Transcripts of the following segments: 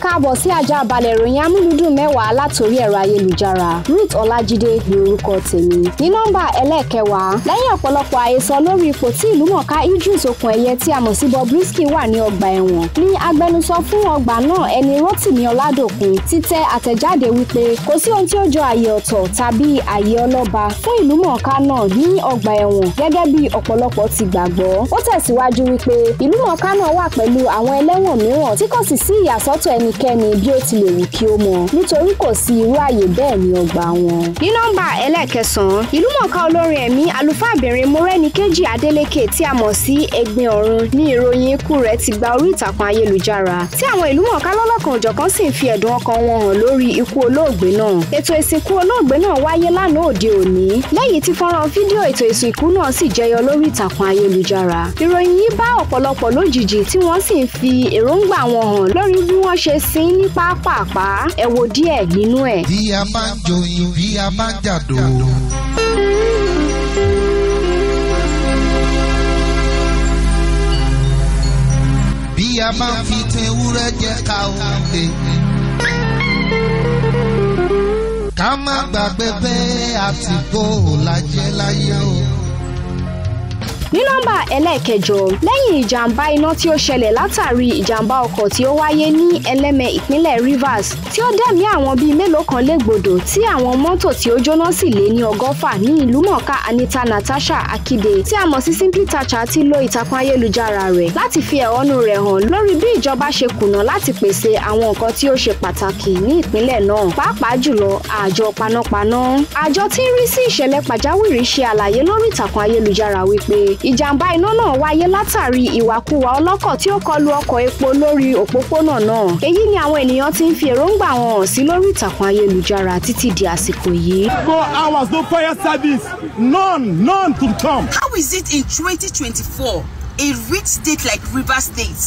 káàbọ̀ sí ajá balẹ̀ ìròyìn amúlùdùn mẹ́wàá látòrí ẹ̀rọ ayélujára Ruth Ọlájídé ni orúkọ tèmi ní nọ́mbà ẹlẹ́ẹ̀kẹwàá lẹ́yìn ọ̀pọ̀lọpọ̀ àhesọ lórí ipò tí ìlúmọ̀ọ́ká Idris Okunẹyẹ tí a mọ̀ sí Bobrisky wà ní ọgbà ẹ̀wọ̀n ni agbẹnusọ fún ọgbà náà ẹni Rotimi Ọládòkun ti tẹ àtẹ̀jáde wípé kò sí ohun tí ó jọ àyè ọ̀tọ̀ tàbí àyè ọlọ́ba fún ìlúmọ̀ọ́ká náà ní ọgbà ẹ̀wọ̀n gẹ́gẹ́ bí ọ̀pọ̀lọpọ̀ ti gbàgbọ́ ó tẹ̀síwájú wípé ìlúmọ̀ọ́ká náà wà pẹ̀lú àwọn ẹlẹ́wọ̀n mìíràn tí kò sì sí ìyàsọ́tọ̀ ẹni ẹnikẹ́ni bí ó ti lè wù kí ó mọ nítorí kò sí irú àyè bẹ́ẹ̀ ní ọgbà wọn. ní nọ́mbà ẹlẹ́kẹsàn-án ìlúmọ̀ọ́ká olórin ẹ̀mí àlùfáàbìnrin Mọ́rẹ́níkẹ́jì Adélékè tí a mọ̀ sí Ẹ̀gbin Ọ̀run ní ìròyìn ikú rẹ̀ ti gba orí ìtàkùn ayélujára tí àwọn ìlúmọ̀ọ́ká lọ́lọ́kan òjọ̀kan sì ń fi ẹ̀dùn ọkàn wọn hàn lórí ikú olóògbé náà ètò ìsìnkú olóògbé náà wáyé lánàá òde òní lẹ́yìn tí fọ́nrán fídíò ètò ìsìnkú náà sì jẹyọ lórí ìtàkùn ayélujára ìròyìn yìí bá ọ̀pọ̀lọpọ̀ lójijì tí wọ́n sì ń fi èròǹgbà wọn hàn lórí bí wọ́n ṣe sin ní pápápá ẹ wo díẹ̀ nínú ẹ̀. bí a bá ń joyin bí a bá ń jàdó. bí a bá ń fi tin ewúrẹ́ jẹ ká o lè. ká má gbàgbé bẹ́ẹ̀ àtìgbò làjẹ́ láyé o ní nọ́mbà ẹlẹ́ẹ̀kẹjọ lẹ́yìn ìjàmbá iná tí ó ṣẹlẹ̀ látàrí ìjàmbá ọkọ̀ tí ó wáyé ní ẹlẹ́mẹ ìpínlẹ̀ Rivers tí ó dẹ̀mí àwọn bíi mélòó kan légbodò tí àwọn mọ́tò tí ó jóná sì lé ní ọgọ́fà ní ìlú mọ̀ọ́ká Anita Natasha Akide tí a mọ̀ sí Simply Tacha ti lo ìtàkùn ayélujára rẹ̀ láti fi ẹ̀hónú rẹ̀ hàn lórí bí ìjọba ṣe kùnà láti pèsè àwọn nǹkan tí ó ṣe pàtàkì ní ìpínlẹ̀ náà pàápàá jùlọ àjọ panápaná àjọ tí ń rí sí ìṣẹ̀lẹ̀ pàjáwìrì ṣe àlàyé lórí ìtàkùn ayélujára wípé ìjàmbá iná náà wáyé látàrí ìwàkuwà ọlọ́kọ̀ tí ó kọlu ọkọ̀ epo lórí òpópónà náà èyí ni àwọn ènìyàn ti ń fi èròǹgbà wọn hàn sí lórí ìtàkùn ayélujára títí di àsìkò yìí. four hours no fire service none none to come. how is it in twenty twenty four a rich state like Rivers State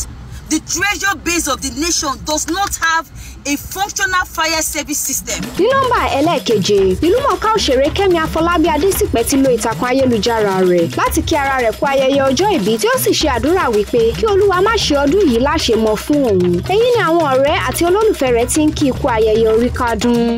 the treasure base of the nation does not have a functional fire service system. ní nọ́mbà ẹlẹ́ẹ̀keje ìlúmọ̀ọ́ká òṣèré kẹ́mi afọlábí adésìpẹ́ ti lo ìtàkùn ayélujára rẹ̀ láti kí ara rẹ̀ kú ayẹyẹ ọjọ́ ìbí tí ó sì ṣe àdúrà wípé kí olúwa má ṣe ọdún yìí láṣemọ fún òun èyí ni àwọn ọ̀rẹ́ àti olólùfẹ́ rẹ̀ ti ń kí ikú ayẹyẹ orí kádún.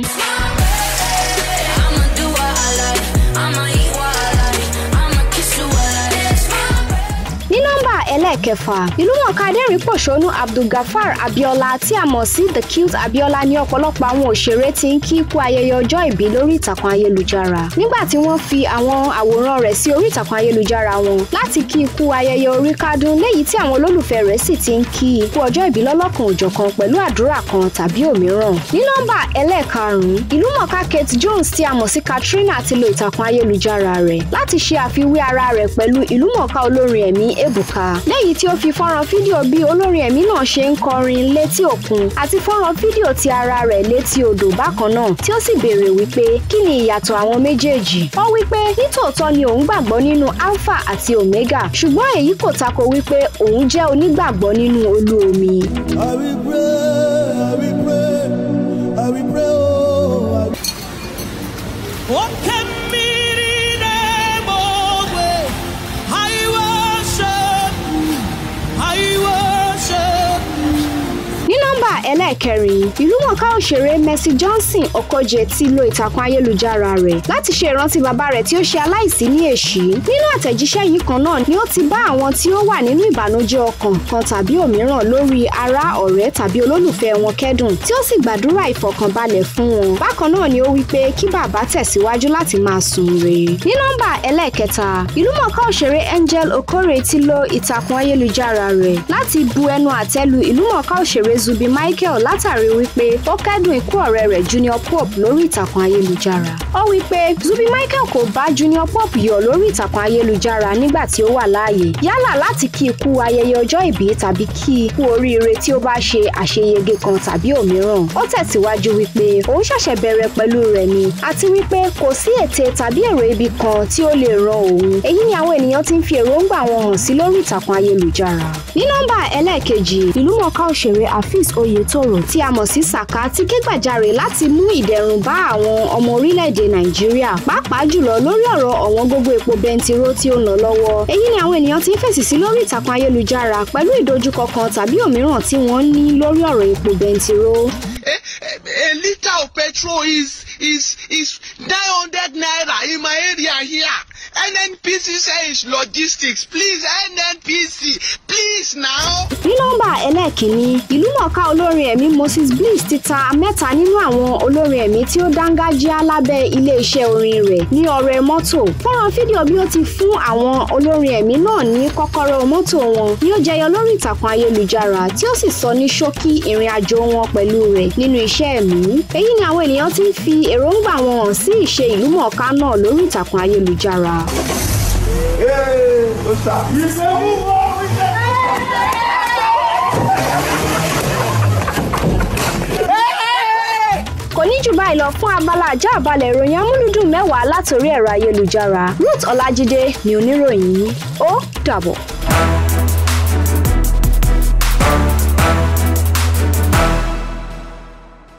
kẹfà. ìlúmọ̀ọ́ká adẹ́rìn-pọ̀ṣónú abdulgafar abiola tí a mọ̀ sí the cute abiola ní ọ̀pọ̀lọpọ̀ àwọn òṣèré ti ń kí ikú ayẹyẹ ọjọ́ ìbí lórí ìtàkùn ayélujára nígbà tí wọ́n fi àwọn àwòrán rẹ̀ sí orí ìtàkùn ayélujára wọn láti kí ikú ayẹyẹ orí kádún léyìí tí àwọn olólùfẹ́ rẹ̀ sì ti ń kí ikú ọjọ́ ìbí lọ́lọ́kan òjọ̀kan pẹ̀lú àdúrà kan tàbí òmíràn ní nọ́mbà ẹlẹ́ẹ̀karùn-ún ìlúmọ̀ọ́ká Kate Jones tí a mọ̀ sí Katrina ti lo ìtàkùn ayélujára rẹ̀ láti ṣe àfiwé ara rẹ̀ pẹ̀lú ìlúmọ̀ọ́ká olórin ẹ̀mí Ebuka léyìí tí ó fi fọ́nrán fídíò bí olórin ẹ̀mí náà ṣe ń kọrin létí òkun àti fọ́nrán fídíò ti ara rẹ̀ létí odò bákan náà tí ó sì béèrè wípé kí ni ìyàtọ̀ àwọn méjèèjì. ó wí pé nítòótọ́ ni òun gbàgbọ́ nínú alpha àti omega ṣùgbọ́n èyí kò tako wípé òun jẹ́ onígbàgbọ́ nínú olú omi. I will pray, I will pray, I will pray, oh, nọ́mbà ẹlẹ́ẹ̀kẹrin ìlúmọ̀ọ́ká òṣèré Mercy Johnson Okoje ti lo ìtàkùn ayélujára rẹ̀ láti ṣe ìrántí bàbá rẹ̀ tí ó ṣe aláìsí ní èṣí nínú àtẹ̀jíṣẹ́ yìí kan náà ni ó ti bá àwọn tí ó wà nínú ìbànújẹ́ ọkàn kan tàbí òmíràn lórí ará ọ̀rẹ́ tàbí olólùfẹ́ wọn kẹ́dùn tí ó sì gbàdúrà ìfọ̀kànbalẹ̀ fún wọn bákan náà ni ó wí pé kí bàbá tẹ̀síwájú láti máa sùn re ní nọ́mbà ẹlẹ́ẹ̀kẹta ìlúmọ̀ọ́ká òṣèré Angel Okore ti lo ìtàkùn ayélujára rẹ̀ láti bu ẹnu àtẹ́lu ìlúmọ̀ọ́ká òṣèré Zubi Bobby Michael látàrí wípé ó kẹ́dùn ikú ọ̀rẹ́ rẹ̀ Junior Pope lórí ìtàkùn ayélujára. Ó wí Zubi Michael kò bá Junior Pope yọ̀ lórí ìtàkùn ayélujára nígbà tí ó wà láàyè yálà láti kí ikú ayẹyẹ ọjọ́ ìbí tàbí kí ikú oríire tí ó bá ṣe àṣeyege kan tàbí òmíràn. Ó tẹ̀síwájú wípé òun ṣẹ̀ṣẹ̀ bẹ̀rẹ̀ pẹ̀lú rẹ̀ ni àti wípé kò sí ète tàbí èrò ibi kan tí ó lè ran òun. Èyí ni àwọn ènìyàn ti ń fi èròǹgbà wọn hàn sí lórí ìtàkùn ayélujára. Ní nọ́mbà ẹlẹ́ẹ̀kejì ìlúmọ̀ọ́ká òṣèré Afeez oyetoro tí a mọ̀ sí saka ti ké gbàjarè láti mú ìdẹ̀rùn bá àwọn ọmọ orílẹ̀-èdè nàìjíríà pàápàá jùlọ lórí ọ̀rọ̀ ọ̀wọ́n gógó epo bẹntiró tí ó ń lọ lọ́wọ́ èyí ni àwọn ènìyàn ti ń fèsì sí lórí ìtàkùn ayélujára pẹ̀lú ìdojúkọ kan tàbí òmíràn tí wọ́n ní lórí ọ̀rọ̀ epo bẹntiró. Eh, eh, eh, a, a, a litre of petrol is is is nine NNPC says logistics please NNPC please now. ní nọ́mbà ẹlẹ́ẹ̀kínní ìlúmọ̀ọ́ká olórin ẹ̀mí Moses Bliss ti ta mẹ́ta nínú àwọn olórin ẹ̀mí tí ó dángájíá lábẹ́ iléeṣẹ́ orin rẹ̀ ní ọrẹ mọ́tò fọ́nrán fídíò bí ó ti fún àwọn olórin ẹ̀mí náà ní kọ́kọ́rọ́ mọ́tò wọn ni ó jẹyọ lórí ìtàkùn ayélujára tí ó sì sọ ní ṣókí ìrìn àjò wọn pẹ̀lú rẹ̀ nínú iṣẹ́ ẹ̀mí èyí ni àwọn ènìyàn ti ń fi èròǹgbà wọn hàn sí ìṣe ìlúmọ̀ọ́ká náà lórí ìtàkùn ayélujára. What's that? You said move on. We kò ní jù báyìí lọ fún abala àjá àbalẹ̀ ìròyìn amúlùdùn mẹ́wàá látòrí ẹ̀rọ ayélujára Ruth Ọlájídé ni oníròyìn yìí ó dàbọ̀.